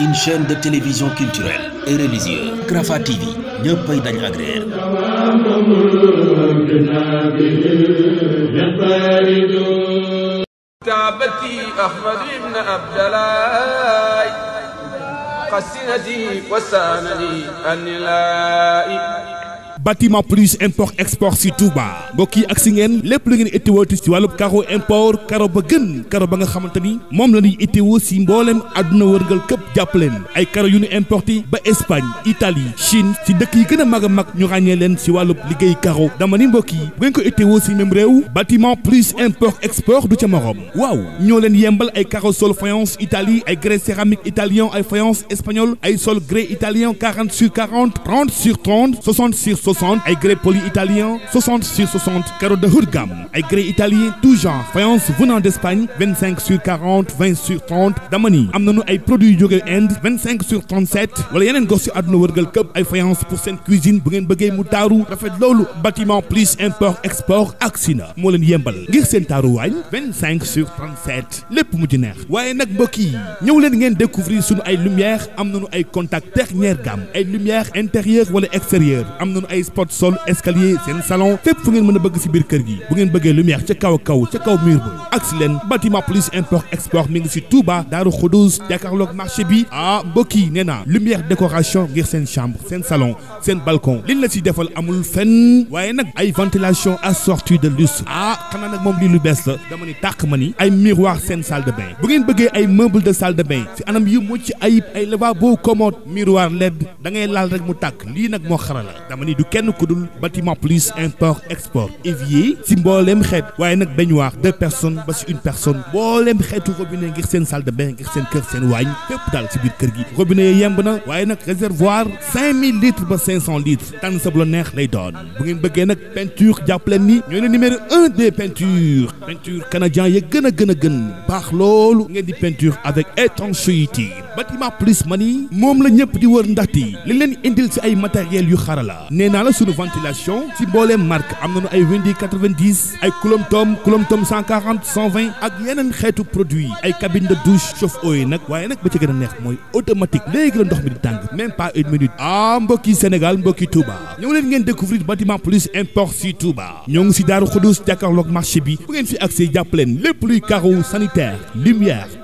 une chaîne de télévision culturelle et religieuse Rafah TV ñëppay dañ agréer taabati ahmad ibn abdallah qasinati wasanani anilai bâtiment plus import export si Touba mbokk ak si ngeen lépp lu ngeen itteewooti si wàllub caro import caro ba gën caro ba nga xamante ni moom la ñuy itteewoo si mbooleem àdduna wërngal këpp jàppaleen ay caro yu ñu importé ba Espagne Italie Chine si dëkk yi gën a mag a mag ñu ràññee leen si wàllub liggéey caro dama ni mbokk yi bu ngeen ko itteewoo si même réew bâtiment plus import export du ca morom waaw ñoo leen yembal ay caro sol faïence Italie ay 60 ay grès poli italien sur 60 carreaux de haut ay grès italien tout genre venant d'Espagne 25 sur 40 sur damani am nañu ay produits jóge Inde 25 sur 37 wala yeneen gox ci àdduna wërgal këpp ay faïence pour seen cuisine bu ngeen bëggee mu taaru rafet loolu bâtiment plus import export ak sina moo leen yembal ngir seen taaruwaañ 25 sur 37 lépp mu ci waaye nag mbokk ñëw leen ngeen découvrir suñu ay lumière am nañu ay ay ay spot sol escalier seen salon fépp fu ngeen mën a bëgg si biir kër gi bu ngeen bëggee lumière ca kaw kaw ca kaw mur ba ak si leen bâtiment import export mi ngi si Touba Daaru Xuduus jàkkaarloog marché bi ah mbokk yi nee naa lumière décoration ngir seen chambre seen salon seen balcon liñ la si defal amul fenn waaye nag ay ventilation assortie de lustre ah xanaa nag moom lii lu bees la dama ni tàq ma ni ay miroir seen salle de bu ngeen bëggee ay meuble de salle de bain si anam yu mucc ayib ay lavabo commode miroir led da kenn ku dul bâtiment plus import export évier si mbooleem xeet waaye nag baignoire deux personnes ba si une personne mbooleem xeetu robinet ngir seen salle de bain ngir seen kër seen waañ fépp daal si biir kër gi robinet yi yemb na waaye nag réservoir cinq mille litres ba cinq cent litres tànn sa bu la neex lay doon bu ngeen bëggee nag peinture jàppaleen ni ñooy le numéro un des peintures peinture canadien ya gën a gën a gën baax loolu ngeen di peinture avec étanchéité bâtiment plus mani moom la ñëpp di wër ndaxte li leen indil si ay matériel yu xarala nee naa la suñu ventilation si mbooleem marque am na nañu ay windi 90 ay kulom tom kulom tom 140 120 ak yeneen xeetu produit ay cabine de douche chauffe-eau yi nag waaye nag ba ci gën a neex mooy automatique léegi la ndox mi di tàng même pas une minute ah mbokki Sénégal mbokki Touba ñëw leen ngeen découvrir bâtiment plus import si Touba ñoo ngi si Daaru Xudus jàkkaarloog marché bi bu ngeen fi accès jàpp leen lépp luy carreau sanitaire lumière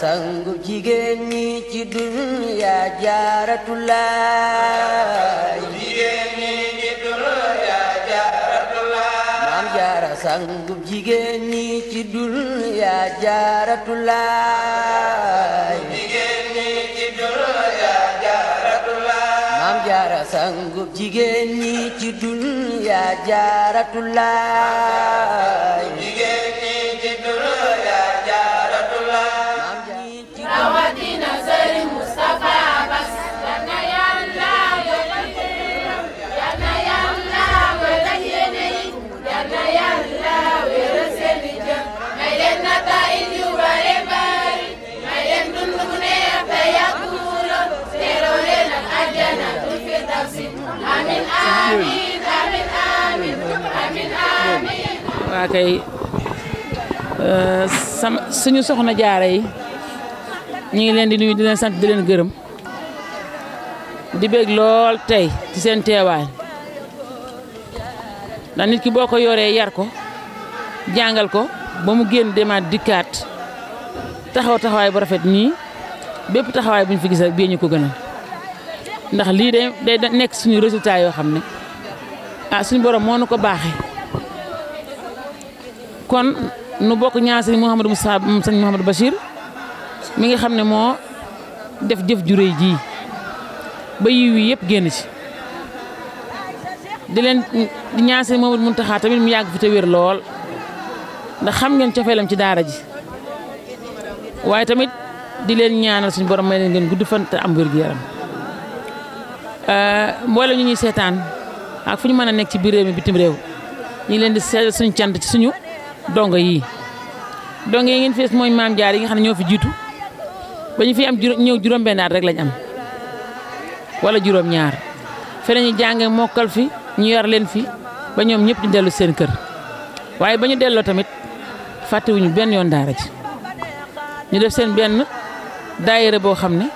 sangu jigéen ñi ci dunya jaaratulaay jigéen ñi ci dunya jaaratulaay maam jaara waa kay euh, sama suñu soxna jaara yi ñu ngi leen di nuyu di leen sant di leen gërëm di bég lool tey ci seen teewaay ndax nit ki boo ko yoree yar ko jàngal ko ba mu génn demaat dikkaat taxaw taxawaay bu rafet nii bépp taxawaay bu ñu fi gis rek bii ñu ko gënal ndax lii day day nekk suñu résultat yoo xam ne ah suñu borom moo nu ko baaxee. kon nu bokk ñaar sëñ Mouhamadou Moussa sëñ Mouhamadou Bachir mi ngi xam ne moo def jëf ju jii ba yiw yi yëpp génn ci di leen di ñaan sëñ Mouhamadou Mountakha tamit mu yàgg fi te wér lool ndax xam ngeen cofeelam ci daara ji waaye tamit di leen ñaanal suñu borom may leen ngeen gudd fan am wér gu yaram euh, mboole ñu ñuy seetaan ak fu ñu mën a nekk ci biir réew mi bitim réew ñu ngi leen di seetal suñu cant ci suñu. dongo yii dongo yi ngeen fees mooy maam jaar yi nga xam ne ñoo fi jiitu ba ñu fi am juróom ñëw juróom-benn at rek lañ am wala juróom-ñaar fe ñu jànge mokkal fi ñu yar leen fi ba ñoom ñëpp ñu dellu seen kër waaye ba ñu delloo tamit fàttewuñu benn yoon daara ji ñu def seen benn daayira boo xam ne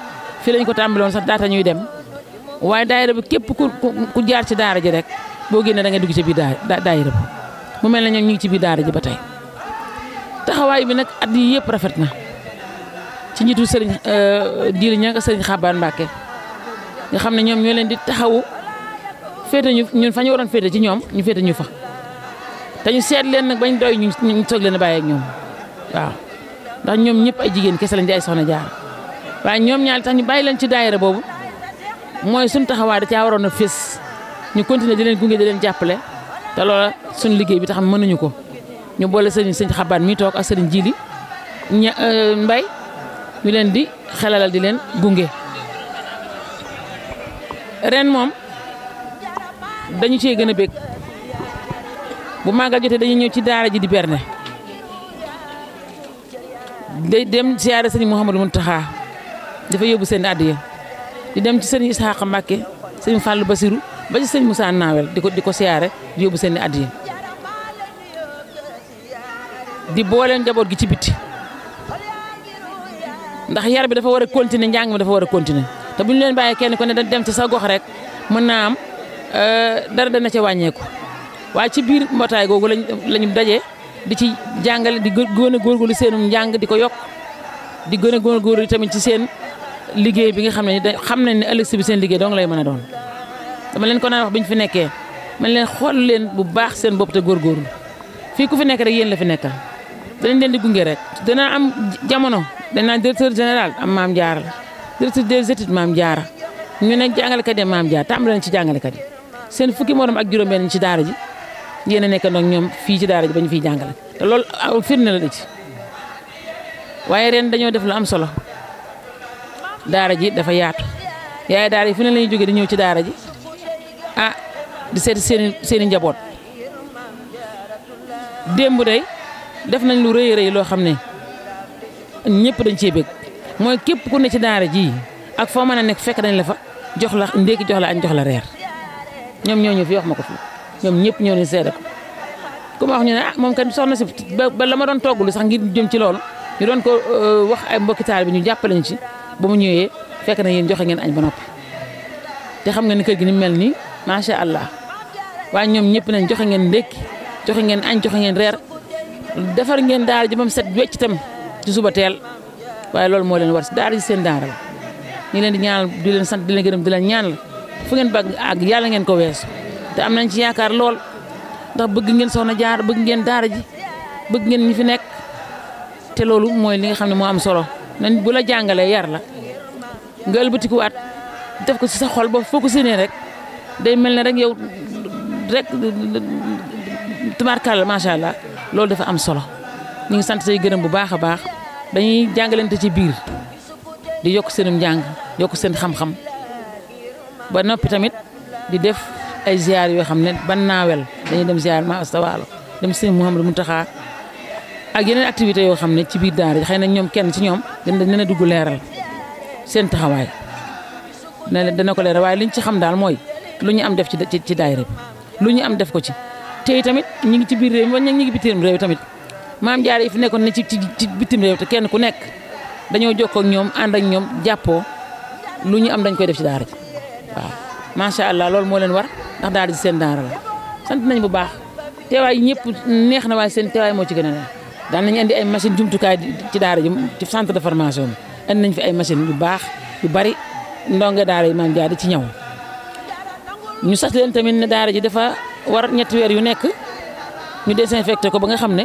fii lañ ko tàmbaloon sax daata ñuy dem waaye daayira bi képp ku jaar ci daara ji rek boo génnee da nga dugg ci biir daayira bi mu mel na ñoom ñu ngi ci biir daara ji ba tey taxawaay bi nag at yii yëpp rafet na ci njiitu sëriñ euh, diir ña nga sëriñ Xabaan Mbàkke nga xam ne ñoom ñoo leen di taxawu féete ñu ñun fa ñu waroon féete ci ñoom ñu féete ñu fa te ñu seet leen bañ doy ñu ñu soog leen a ak ñoom waaw ndax ñoom ñëpp ay jigéen kese lañ di ay soxna jaar waaye ñoom ñaar tax ñu bàyyi leen ci daayira boobu mooy suñ taxawaay da caa waroon a fés ñu continuer di leen gunge di leen jàppale. te loola suñu liggéey bi taxam mënuñu ko ñu boole sëriñ sëñ xabaan mii toog ak sëriñ jili ña euh, mbay ñu leen di xelalal di leen gunge ren moom dañu cee gën a bég bu màggal jotee dañu ñëw ci daara ji di berne day dem siyaare sëriñ Mouhamadou taxaa dafa yóbbu seen addiya di dem ci sëriñ Isaaxa Mbàkke sëriñ Basiru ba ci sëñ Moussa Nawel di ko di ko siyaare di yóbbu seen i at yi di boole njaboot gi ci biti ndax yar bi dafa war a continuer njàng mi dafa war a continuer te bu ñu leen bàyyee kenn ku ne dañ dem ci sa gox rek mën naa am euh, dara dana ca wàññeeku waaye ci biir mbootaay googu lañ lañu daje di ci jàngale di gën a góorgóorlu seenum njàng di ko yokk di gën a góorgóorlu tamit ci seen liggéey bi nga xam ne xam nañ ne ëllëg si bi seen liggéey dong lay mën a doon. dama leen ko naan wax bi ñu fi nekkee ma leen xool leen bu baax seen bopp te góorgóorlu fii ku fi nekk rek yéen la fi nekkal danañ leen di gunge rek. danaa am jamono dañ naan général am maam jaara la directeur des jaara ñu ne jàngalekat yi maam jaara tàmbali nañ ci jàngalekat yi seen fukki morom ak juróom ci daara ji yéen a nekk ñoom fii ci daara ji ba fiy jàngale te loolu firnde la ci waaye ren dañoo def lu am solo daara ji dafa yaatu yaay daara yi fu ne la ñuy jógee di ñëw ci daara ji. ah di seeti seen seen i njaboot démb day def nañ lu rëy rëy loo xam ne ñëpp dañ cee mooy képp ku ne ci daara ji ak foo mën a nekk fekk dañ la fa jox la ndéki jox la añ jox la reer ñoom ñoo ñëw fi wax ma ko fi ñoom ñëpp ñoo ne seede ko ku ma wax ñu ne ah moom kan soxna si ba la ma doon lu sax ngir jëm ci loolu ñu doon ko euh, wax ay mbokkitaal bi ñu jàppale ñu ci ba mu ñëwee fekk na yéen joxe ngeen añ ba noppi te xam nga ni kër gi mel nii macha allah waaye ñoom ñëpp nañ joxe ngeen ndékki joxe ngeen añ joxe ngeen reer defar ngeen daara ji ba mu set wecc ci suba teel waaye loolu moo leen war si daara ji seen daara la ñu leen di ñaan di leen sant di leen gërëm di leen ñaanal fu ngeen bëgg àgg yàlla ngeen ko weesu te am nañ ci yaakaar lool ndax bëgg ngeen soxna jaar bëgg ngeen daara ji bëgg ngeen ñi fi nekk te loolu mooy li nga xam ne moo am solo nañ bu la jàngalee yar la nga ëlbatikuwaat def ko si sa xol ba foo ko rek day mel ne rek yow rek tubaarkàlla macha allah loolu dafa am solo ñu ngi sant sey gërëm bu baax a baax dañuy jàngalante ci biir di yokk seenum jàng yokk seen xam-xam ba noppi tamit di def ay ziar yoo xam ne ban naawel dañuy dem ziar ma astawaalo dem seen Mouhamadou Mountakha ak yeneen activités yoo xam ne ci biir daara xëy na ñoom kenn ci ñoom dana dana dugg leeral seen taxawaay dana ko leeral waaye liñ ci xam daal mooy. lu ñu am def ci ci daayira lu ñu am def ko ci tey tamit ñi ngi ci biir réew mi wala ñi ngi bitim réew tamit maam jaare yi fu nekkoon ne ci ci bitim réew te kenn ku nekk dañoo jokkoo ak ñoom ànd ak ñoom jàppoo lu ñu am dañ koy def ci daara ji waaw macha allah loolu moo leen war ndax daara ji seen daara la sant nañ bu baax teewaay ñëpp neex na waaye seen teewaay moo ci gën a daan nañ andi ay machine jumtukaay ci daara ji ci centre de formation nañ fi ay machine bu baax yu bari ndongo daara yi maam jaare ci ñaw ñu sas leen tamit ne daara ji dafa war ñetti weer yu nekk ñu désinfecté ko ba nga xam ne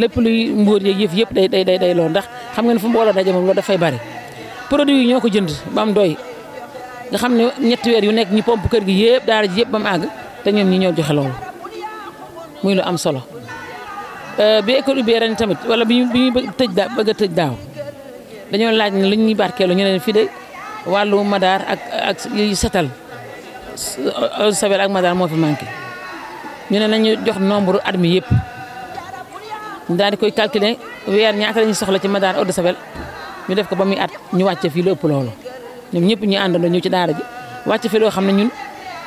lépp luy mbóor yeeg yëf yëpp day day day day lool ndax xam nga ne fu mbooloo daje moom loolu dafay bari produit yi ñoo ko jënd ba am doy nga xam ne ñetti weer yu nekk ñu pompe kër gi yëpp daara yëpp ba mu àgg te ñoom ñi ñoo joxe loolu muy lu am solo euh, bi école ubbee ren tamit wala bi ñu bi tëj daa bëgg a tëj daaw dañoo laaj ne lu ñuy barkeelu ñu ne fii de wàllu madaar ak ak setal eau de Javel ak Madar moo fi manqué ñu ne nañu jox nombre at mi yëpp ñu daal di koy calculer weer ñaata la soxla ci Madar eau de ñu def ko ba muy at ñu wàcce fii lu ëpp loolu ñoom ñëpp ñu àndandoo ñëw ci daara ji wàcce fii loo xam ne ñun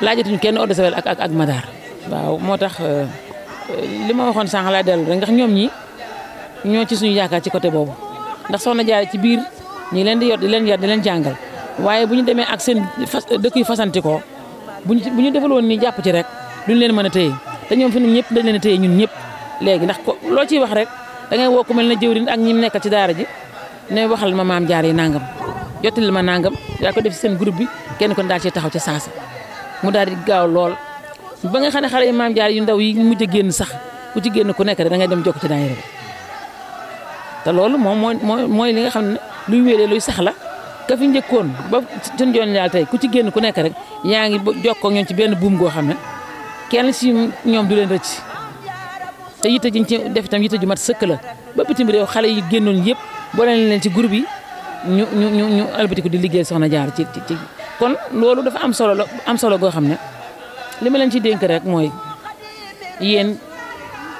laajatuñu kenn eau ak ak ak Madar. waaw moo tax euh, li ma waxoon sànq laa dellu rek ndax ñoom ñi ñoo ci suñu yaakaar ci côté boobu ndax soxna Jaara ci biir ñi leen di yor di leen yar di leen jàngal waaye bu ñu demee ak seen dëkk yu fasantikoo buñ bu ñu loon ni jàpp ci rek duñ leen mën a téye te ñoom fi ñun ñëpp dañ leen a téye ñun ñëpp léegi ndax ko loo ciy wax rek dangay ngay woo ku mel ne jëwrin ak ñi nekkal ci daara ji ne waxal ma maam jaar yi nangam jottali ma nangam yaa ko def ci seen groupe bi kenn kon daal ci taxaw ci sansa mu daal di gaaw lool ba nga ne xale yi maam jaar yu ndaw yi mujj a génn sax ku ci génn ku nekk rek da ngay dem jokk ci daayira bi te loolu moom mooy mooy li nga xam ne luy wéeree luy sax la ka fi njëkkoon ba suñ joon yàlla tey ku ci génn ku nekk rek yaa ngi jokkoo ñoom ci benn buum goo xam ne kenn si ñoom du leen rëcc te yitte jiñ ci def itam yitte ju mat sëkk la ba bitim réew xale yi génnoon yëpp boole leen ci groupe yi ñu ñu ñu ñu albatiku di liggéey soxna jaar ci ci kon loolu dafa am solo am solo goo xam ne li ma ci dénk rek mooy yéen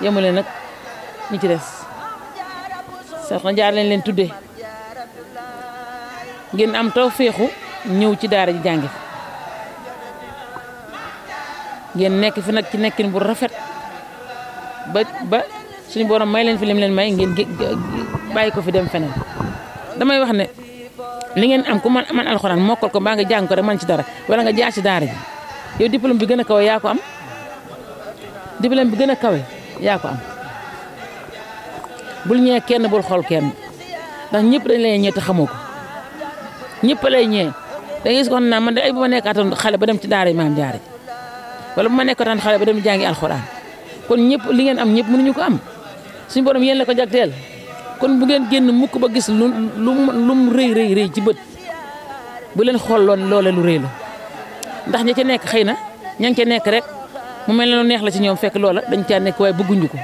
yemu leen nag ñi ci des soxna jaar lañ leen tuddee. ngeen am tawféexu ñëw ci daara ji jàngi fi ngeen nekk fi nag ci nekkin bu rafet ba ba suñu borom may leen fi lim leen may ngeen bàyyi ko fi dem feneen damay wax ne li ngeen am ku man man alxuraan mokkal ko mbaa ngi jàng ko rek man ci dara wala nga jaar ci daara ji yow diplôme bi gën a kawe yaa ko am diplôme bi gën a kawe yaa ko am bul ñee kenn bul xool kenn ndax ñëpp dañ lay ñetti xamoo ko ñëpp lay ñee da ngay gis ko naan man de ay bu ma nekkaatoon xale ba dem ci daara maam jaare wala bu ma nekkaatoon xale ba dem jàngi alxuraan kon ñëpp li ngeen am ñëpp mënuñu ko am suñu borom yéen la ko jagteel kon bu ngeen génn mukk ba gis lu lu lu mu rëy rëy rëy ci bët bu leen xool loon loola lu rëy la ndax ña ca nekk xëy na ña ca nekk rek mu mel ne lu neex la ci ñoom fekk loola dañ caa nekk waaye bëgguñu ko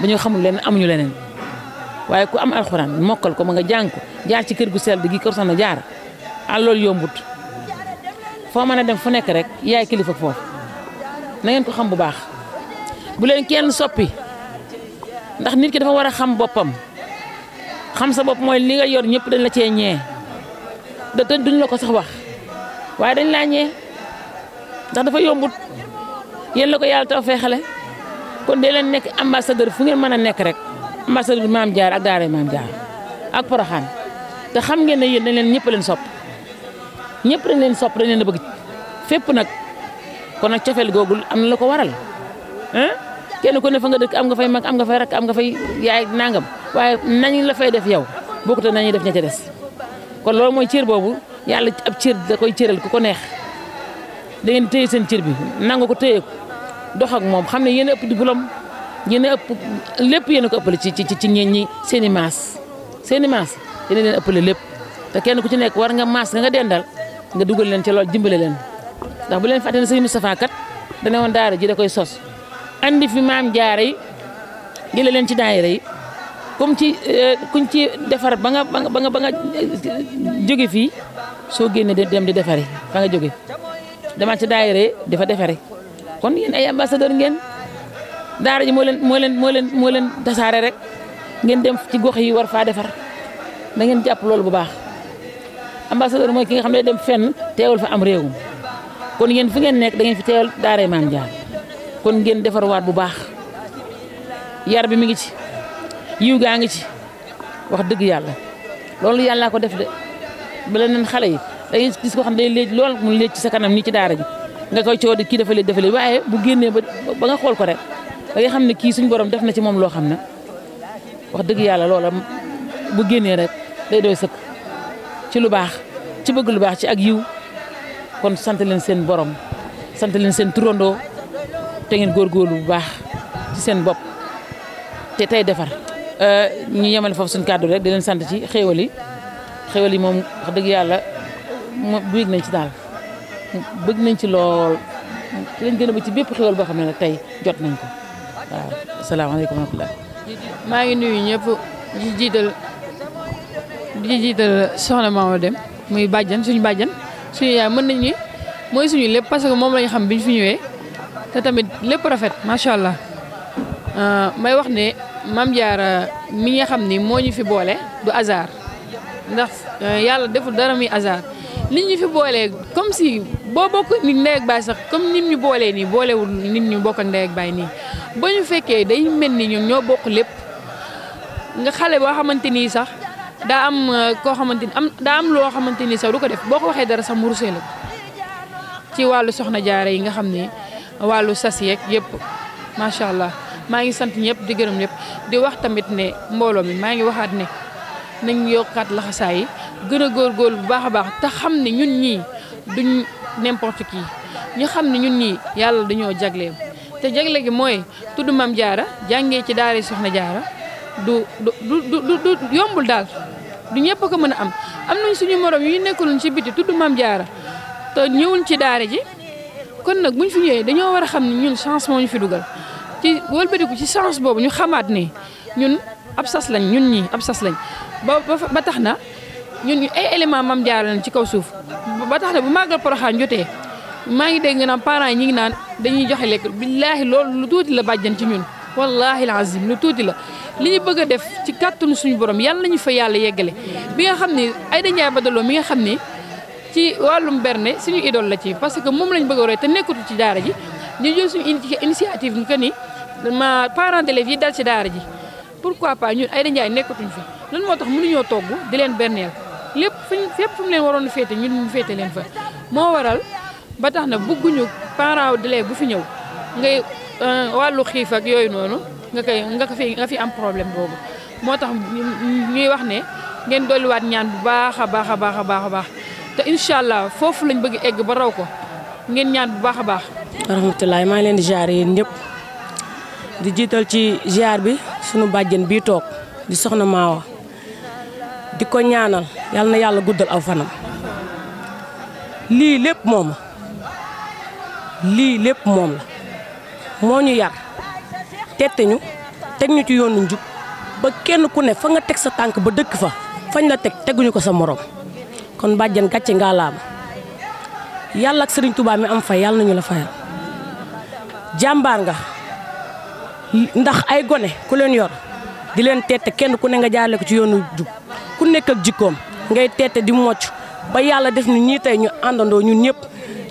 ba ñu xamul leen amuñu leneen. waaye ku am alxuraan mokkal ko ma nga jàng ko jaar ci kër gu sell gi kër soxna jaar ah loolu yombut foo mën a dem fu nekk rek yaay kilifa foofu na ko xam bu baax bu leen kenn soppi ndax nit ki dafa war a xam boppam xam sa bopp mooy li nga yor ñëpp dañ la cee ñee da te duñ la ko sax wax waaye dañ laa ñee ndax dafa yombut yeen la ko yàlla taw feexale kon dee leen nekk ambassadeur fu ngeen mën a nekk rek. ambassade bi maam jaar ak daara maam jaar ak poroxaan te xam ngeen ne yéen dañ leen ñëpp leen sopp ñëpp dañ leen sopp dañ leen a bëgg fépp nag kon nag cofeel googu am na la ko waral kenn ku ne fa nga dëkk am nga fay mag am nga fay rakk am nga fay yaay nangam waaye nañ la fay def yow bokkut nañuy def ña ca des kon loolu mooy cér boobu yàlla ab cër da koy cëral ko ko neex da ngeen téye seen cër bi nangu ko téye dox ak moom xam ne yéen a ëpp diplôme yéen ëpp lépp yéen a ko ëppale ci ci ci ñeen ñi seen i maas seen i maas yéen leen ëppale lépp te kenn ku ci nekk war nga maas nga dendal nga dugal leen ci lool dimbale leen ndax bu leen fàtte ne sëñ Moustapha dana woon daara ji da koy sos andi fi maam jaara yi jële leen ci daayira yi comme ci euh, kuñ ci defar ba nga ba nga ba nga euh, jóge fii soo génne dem di defare fa nga jóge dama ci daayira yi dafa defare kon yéen ay ambassadeur ngeen daara ji moo leen moo leen moo leen moo leen tasaare rek ngeen dem ci gox yi war faa defar da ngeen jàpp loolu bu baax ambassadeur mooy ki nga xam ne dem fenn teewal fa am réewum kon ngeen fu ngeen nekk da ngeen fi teewal daaray maam jaar kon ngeen defarwaat bu baax yar bi mi ngi ci yiw gaa ngi ci wax dëgg yàlla loolu yàllaa ko def de bala neen xale yi da ngay gis ko xam ne day léej lool mun léej ci sa kanam nii ci daara ji nga koy coow di kii dafa léej dafa léej waaye bu génnee ba nga xool da xam ne kii suñu borom def na ci moom loo xam ne wax dëgg yàlla loola bu génnee rek day doo sëkk ci lu baax ci bëgg lu baax ci ak yiw kon sant leen seen borom sant leen seen turandoo te ngeen góor bu baax ci seen bopp te tey defar. Euh, ñu yemal foofu suñu kàddu rek di leen sant ci xéewal yi xéewal yi moom dëgg yàlla moom bëgg nañ ci daal bëgg nañ ci lool ci lañ gën a ba ci bépp xéewal boo xam ne nag tey jot nañ ko. waaw asalaamaaleykum wa rahmatulah. maa ngi nuyu ñëpp di jiital di jiital soxna Maama Deme muy bàjjan suñu bàjjan suñu yaay mën nañu ni mooy suñu lépp parce que moom lañu xam biñ fi ñëwee te tamit lépp rafet macha allah euh, may wax ne Mame Diarra mi nga xam ni moo ñu fi boole du hasard ndax euh, yàlla deful dara muy hasard. nit ñi fi boolee comme si boo bokk nit ndey ak baay sax comme nit ñu boolee nii boolewul nit ñu bokk ndey ak baay nii ba ñu fekkee day mel ni ñoom ñoo bokk lépp nga xale boo xamante nii sax daa am euh, koo xamante ni am daa am loo xamante nii sax du ko def boo ko waxee dara sax mu rusee ci wàllu soxna jaare yi nga xam ne wàllu sas yeeg yëpp macha allah maa ngi sant ñëpp di gërëm ñëpp di wax tamit ne mbooloo mi maa ngi waxaat ne nañ yokkaat laxasaay yi gën góor góorgóorlu bu baax a baax te xam ne ñun ñii duñ n'importe qui ñu xam ne ñun ñii yàlla dañoo jagleel te jagle gi mooy tudd Maam Jaara jàngee ci daara Soxna Jaara du du du yombul daal du ñëpp a ko mën a am am nañ suñu morom yu nekkul ci biti tudd Maam Jaara te ñëwul ci daare ji kon nag buñ fi ñëwee dañoo war a xam ne ñun chance moo ñu fi dugal ci wëlbatiku ci chance boobu ñu xamaat ni ñun ab sas lañ ñun ñii ab sas lañ ba ba tax na ñun ay élément Mame Diarra ci kaw suuf ba tax na bu màggal Porokhane jotee maa ngi dégg nga naan parents yi ñu ngi naan dañuy joxe lekk billaahi loolu lu tuuti la bàjjan ci ñun wallaahi lazim lu tuuti la li ñu bëgg def ci kàttanu suñu borom yàlla nañu fa yàlla yeggale bi nga xam ne Aïda Ndiaye Badaloo mi nga xam ni ci wàllum berne suñu idole la ci parce que moom lañ bëgg a roy te nekkutu ci daara ji ñu jël suñu initiative que ni ma parents d'élèves yi dal ci daara ji pourquoi pas ñun Aïda nekkatuñ fi lan moo tax mënuñoo togg di leen benneel lépp fu ñu fépp mu leen waroon féete ñun mu féete leen fa moo waral ba tax na bëgguñu parent d'élève bu fi ñëw ngay euh, wàllu xiif ak yooyu noonu nga koy nga ko fi nga fi am problème boobu moo tax ñuy wax ne ngeen dolliwaat ñaan bu baax a baax a baax a baax a baax te incha allah foofu lañ bëgg egg ba raw ko ngeen ñaan bu baax a baax. rahmatulah maa ngi leen di ziar yéen ñëpp di jiital ci ziar bi sunu bàjjen bii toog di soxna Maawa. di ko ñaanal yal na yàlla guddal aw fanam lii lépp moom la lii lépp moom la moo ñu yar tette ñu teg ñu ci yoonu njub ba kenn ku ne fa nga teg sa tànk ba dëkk fa fañ la teg teguñu ko sa morom kon bàjjen gàcce ngaa laama yàlla ak sëriñ Tuubaa mi am fay yàlla nañu la fayal jàmbaar nga ndax ay gone ku leen yor di leen tette kenn ku ne nga jaarale ko ci yoonu jub ku nekk ak jikkoom ngay teete di mocc ba yàlla def ni ñii tey ñu àndandoo ñun ñëpp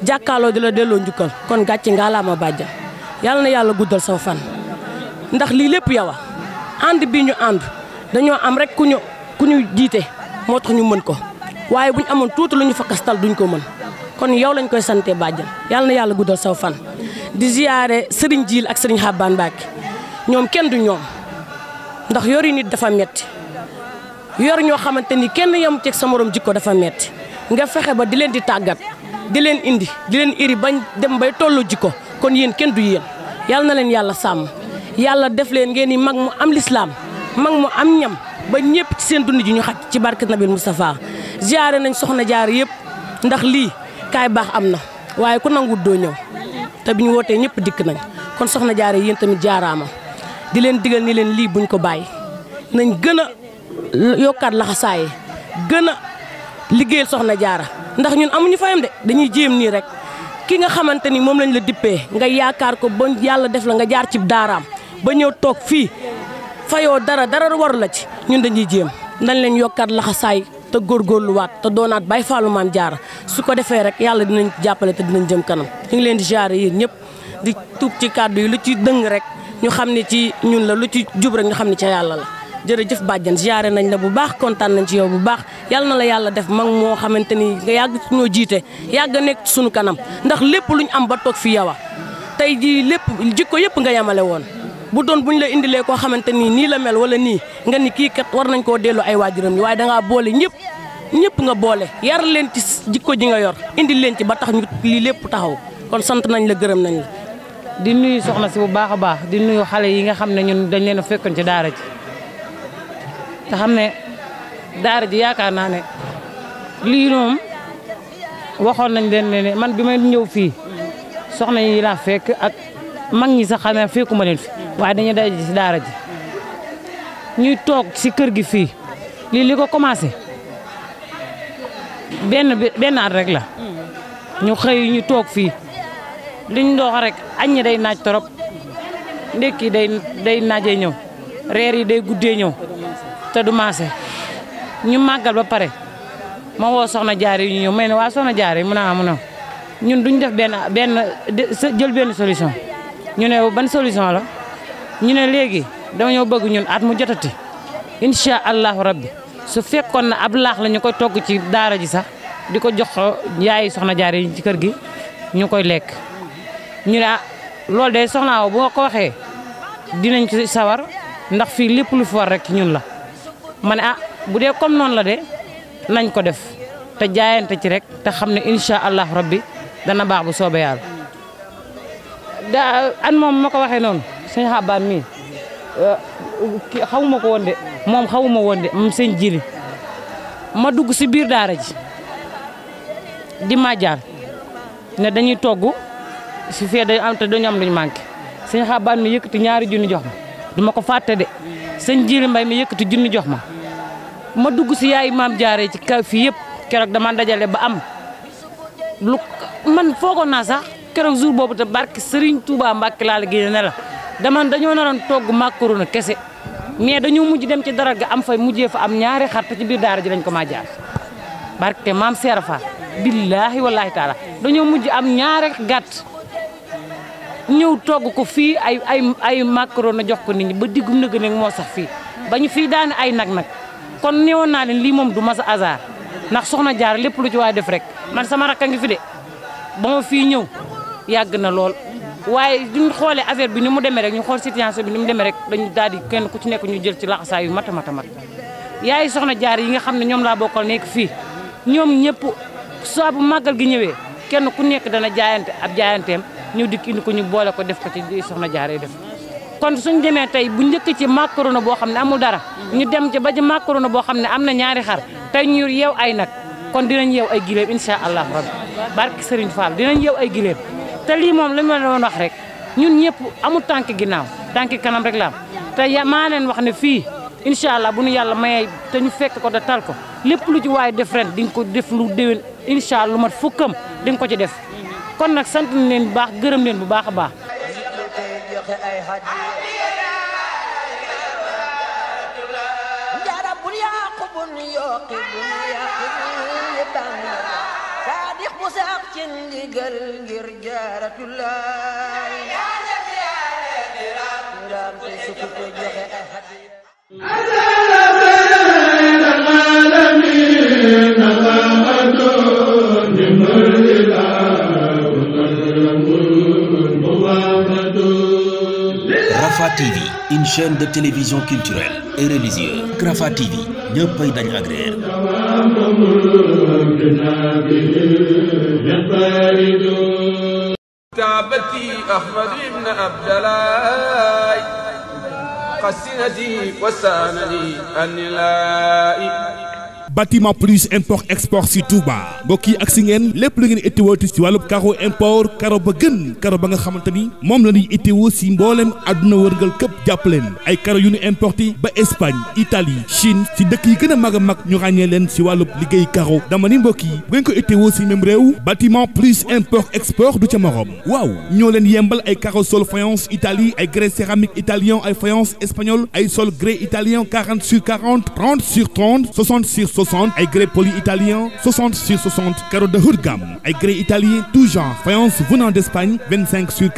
jàkkaarloo di la delloo njukkal kon gàcc ngaa laa ma bàjja yàlla na yàlla guddal sawfan ndax lii lépp yow ànd bi ñu ànd dañoo am rek ku ñu ku ñu jiite moo tax ñu mën ko waaye bu ñu amoon tuuti lu ñu fa kastal duñ ko mën kon yow lañ koy sante bàjjan yàlla na yàlla guddal saw di ziyaare sëriñ Jiil ak sëriñ Xabbaan Mbàkke ñoom kenn du ñoom ndax yori nit dafa metti yor ñoo xamante ni kenn yam ceeg sa morom jikko dafa metti nga fexe ba di leen di tàggat di leen indi di leen iri bañ dem bay tollu jikko kon yéen kenn du yéen yàlla na leen yàlla sàmm yàlla def leen ngeen ni mag mu am lislaam mag mu am ñam ba ñëpp ci seen dund ji ñu xaj ci barke Nabil Moustapha ziare nañ soxna jaar yëpp ndax lii kaay baax am na waaye ku nangut doo ñëw te bi ñu wootee ñëpp dikk nañ kon soxna jaare yéen tamit jaaraama di leen digal ni leen lii buñ ko bàyyi yokkaat laxasaay gën a liggéeyal soxna jaara ndax ñun amuñu fayam de dañuy jéem nii rek ki nga xamante ni moom lañ la dippee nga yaakaar ko ba yàlla def la nga jaar ci daaraam ba ñëw toog fii fayoo dara dara waru la ci ñun dañuy jéem dañ leen yokkaat laxasaay te góorgóorluwaat te doonaat bay faalu maam jaara su ko defee rek yàlla dinañ jàppale te dinañ jëm kanam ñu ngi leen di jaare yéen ñëpp di tuub ci kàddu yi lu ci dëng rek ñu xam ne ci ñun la lu ci jub rek ñu xam ne ca yàlla la jërëjëf bàjjan ziare nañ la bu baax kontaan nañ ci yow bu baax yal na la yàlla def mag moo xamante ni nga yàgg suñoo jiite yàgg nekk suñu kanam ndax lépp luñ am ba toog fi yow tey jii lépp jikko yëpp nga yemale woon. bu doon buñ la indilee koo xamante ni nii la mel wala nii nga ni kii kat war nañ koo delloo ay waajuram yi waaye dangaa boole ñëpp ñëpp nga boole yar leen ci jikko ji nga yor indi leen ci ba tax ñu lii lépp taxaw kon sant nañ la gërëm nañ la. soxna si bu baax a baax di nuyu xale yi nga xam ne ñun dañ leen a fekkoon ci daara te ne daar ji yaakaar naa ne lii moom waxoon nañ leen ne man bi ma ñëw fii soxna yi laa fekk ak mag ñi sax xam ne fekkuma leen fi waaye dañuy daje ci daara ji ñuy toog ci kër gi fii lii li ko commencé benn benn at rek la ñu xëy ñu toog fii liñ doox rek añ ñi day naaj torop ndekki day day naajee ñëw reer yi day guddee ñëw te du maase ñu màggal ba pare ma woo soxna jaare yu ñu may ne waa soxna jaare mu ne a ah, mu ne ñun duñ def benn benn jël benn solution ñu ne ban solution la ñu ne léegi dama ñoo bëgg ñun at mu jotati incha allahu rabbi su fekkoon na ab laax la ñu koy togg ci daara ji sax di ko jox yaayi soxna jaare yi ci kër gi ñu koy lekk ñu ne ah loolu day soxnaaw bu nga ko waxee dinañ ci sawar ndax fii lépp lu fi war rek ci ñun la ma ne ah bu dee comme noonu la de nañ ko def te jaayante ci rek te xam ne incha allah rabbi dana baax bu soobee yàlla. daa an moom ma ko waxee noonu sëñ xabaan mii xawuma ko woon de moom xawuma woon de moom sëñ jili ma dugg si biir daara ji di màjjaal ne dañuy togg su fee dañu am te dañu am luñu manqué sëñ xabaan mi yëkkati ñaari ju jox ma duma ko fàtte de. sëñ Jili Mbay junni jox ma ma dugg si yaay maam jaaree ci kaw fii yëpp keroog dama dajale ba am lu man foogoon naa sax keroog jour boobu te barke Serigne tuuba Mbacke laa la génne ne la dama dañoo naroon togg macaroni kese mais dañoo mujj dem ci dara ga am fay mujjee fa am ñaari xar te ci biir daara ji lañ ko maa jaar barke maam Serap fa billaahi wallaahi taala dañoo mujj am ñaari gàtt. ñëw togg ko fii ay ay ay macaroni na jox ko nit ñi ba diggum nëgg nag moo sax fii ba ñu fii daane ay nag nag kon newoon naa leen lii moom du mas a hasard ndax soxna jaar lépp lu ci waay def rek man sama rakk ngi fi de ba fii ñëw yàgg na lool waaye duñ xoolee affaire bi ni mu demee rek ñu xool situation bi ni mu demee rek dañu daal kenn ku ci nekk ñu jël ci laxasaa yu mat a mat a mat yaay soxna jaar yi nga xam ne ñoom laa bokkal nekk fii ñoom ñëpp saa bu màggal gi ñëwee kenn ku nekk dana jaayante ab jaayanteem ñu dikk indi ko ñu boole ko def ko ci soxna jaaree def kon suñ demee tey bu njëkk ci macaroni boo xam ne amul dara ñu dem ci ba ci macaroni boo xam ne am na ñaari xar tey ñu yeew ay nag kon dinañ yeew ay gileem incha allah rabbi barke Serigne Fall dinañ yeew ay gileem te lii moom li ma doon wax rek ñun ñëpp amul tànk ginnaaw tànk kanam rek laam am te maa leen wax ne fii incha allah bu nu yàlla mayee te ñu fekk ko da ko lépp lu ci waaye def ren di nga ko def lu déwén incha allah mat fukkam di nga ko ci def kon nag sant nañ leen bu baax gërëm leen bu baax a baax. saadix bu sax ci ndigal ngir jaaratullaa une chaîne de télévision culturelle et religieuse Rafah TV ñëppay dañ agréer taabati ahmad ibn abdallah qasinati wasanani anilai bâtiment plus import export si Touba mbokk yi ak si ngeen lépp lu ngeen itteewooti si wàllub caro import caro ba gën caro ba nga xamante ni moom la ñuy itteewoo si mbooleem àdduna wërngal këpp jàpp leen ay caro yu ñu importé ba Espagne Italie Chine si dëkk yi gën a mag ñu ràññee leen si wàllub liggéey caro dama ni mbokk yi bu ngeen ko itteewoo si même réew bâtiment plus import export du ca morom waaw ñoo leen yembal ay caro sol faïence Italie ay grès céramique italien ay faïence espagnol ay sol grès italien 40 sur 40 30 sur 30 60 ay grès poli italien sur 60 carreaux de haut ay grès italien tout genre venant d'Espagne sur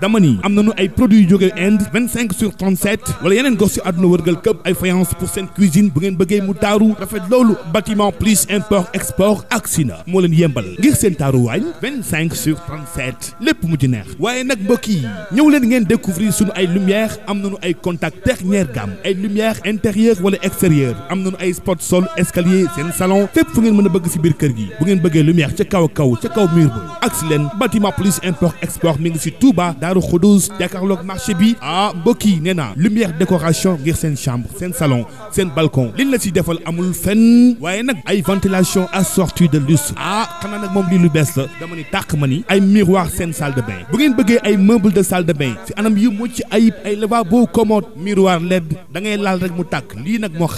damani am nañu ay produits jóge Inde 25 sur 37 wala yeneen gox si àdduna wërgal këpp ay faïence pour seen cuisine bu ngeen bëggee mu taaru rafet loolu bâtiment plus import export ak sina moo leen yembal ngir seen taaruwaañ 25 sur 37 lépp mujj neex waaye nag mbokk ñëw leen ngeen découvrir sunu ay lumière am nañu ay contact dernière ay spot seen salon fépp fu ngeen mën a bëgg si biir kër gi bu ngeen bëggee lumière ca kaw kaw ca kaw mur ba ak si leen bâtiment plus import export mi ngi si Touba Daaru Xudoos jàkkaarloog marché bi ah mbokk nee naa lumière décoration ngir seen chambre seen salon seen balcon liñ la si defal amul fenn waaye nag ay ventilation assortie de luxe ah xanaa nag moom lii lu bees la dama ni tàq ma ni ay miroir seen salle de bain bu ngeen bëggee ay meuble de salle de bain si anam yu mucc ayib ay lavabo commode e mu tàkk lii nag moo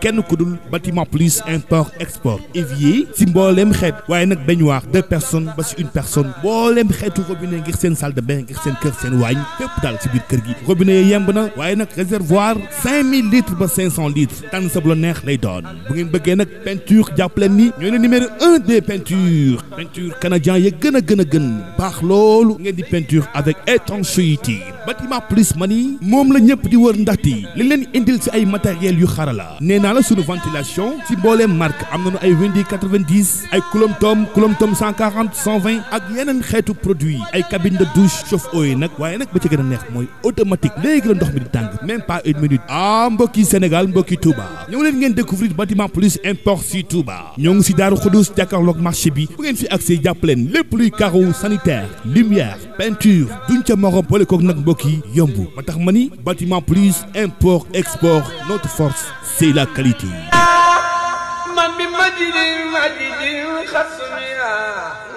kenn ku dul bâtiment plus import export évier si mbooleem xeet waaye nag baignoire deux personnes ba si une personne mbooleem xeetu robinet ngir seen salle de bain ngir seen kër seen waañ fépp daal si biir kër gi robinet yi yemb na waaye nag réservoir cinq mille litres ba cinq cent litres tànn sa bu la neex lay doon bu ngeen bëggee nag peinture jàpp leen ni ñooy na numéro un des peintures peinture canadien ya gën a gën a gën baax loolu ngeen di peinture avec étanchéité bâtiment plus mani moom la ñëpp di wër ndaxte li leen indil si ay matériel yu xarala nee naa la suñu ventilation si mbooleem marque am nañu ay windi 90 ay kulom tom kulom tom 140 120 ak yeneen xeetu produit ay cabine de douche chauffe-eau yi nag waaye nag ba ci gën a neex mooy automatique léegi la ndox mi di tàng même pas une minute ah mbokki Sénégal mbokki Touba ñëw leen ngeen découvrir bâtiment plus import si Touba ñoo ngi si Daaru Xudus jàkkaarloog marché bi bu ngeen fi accès jàppaleen lépp luy carreau sanitaire lumière peinture duñ ca morom boole mbokk yomb ba tax ma ni bâtiment plus import export notre force c'est la qualité. Ah,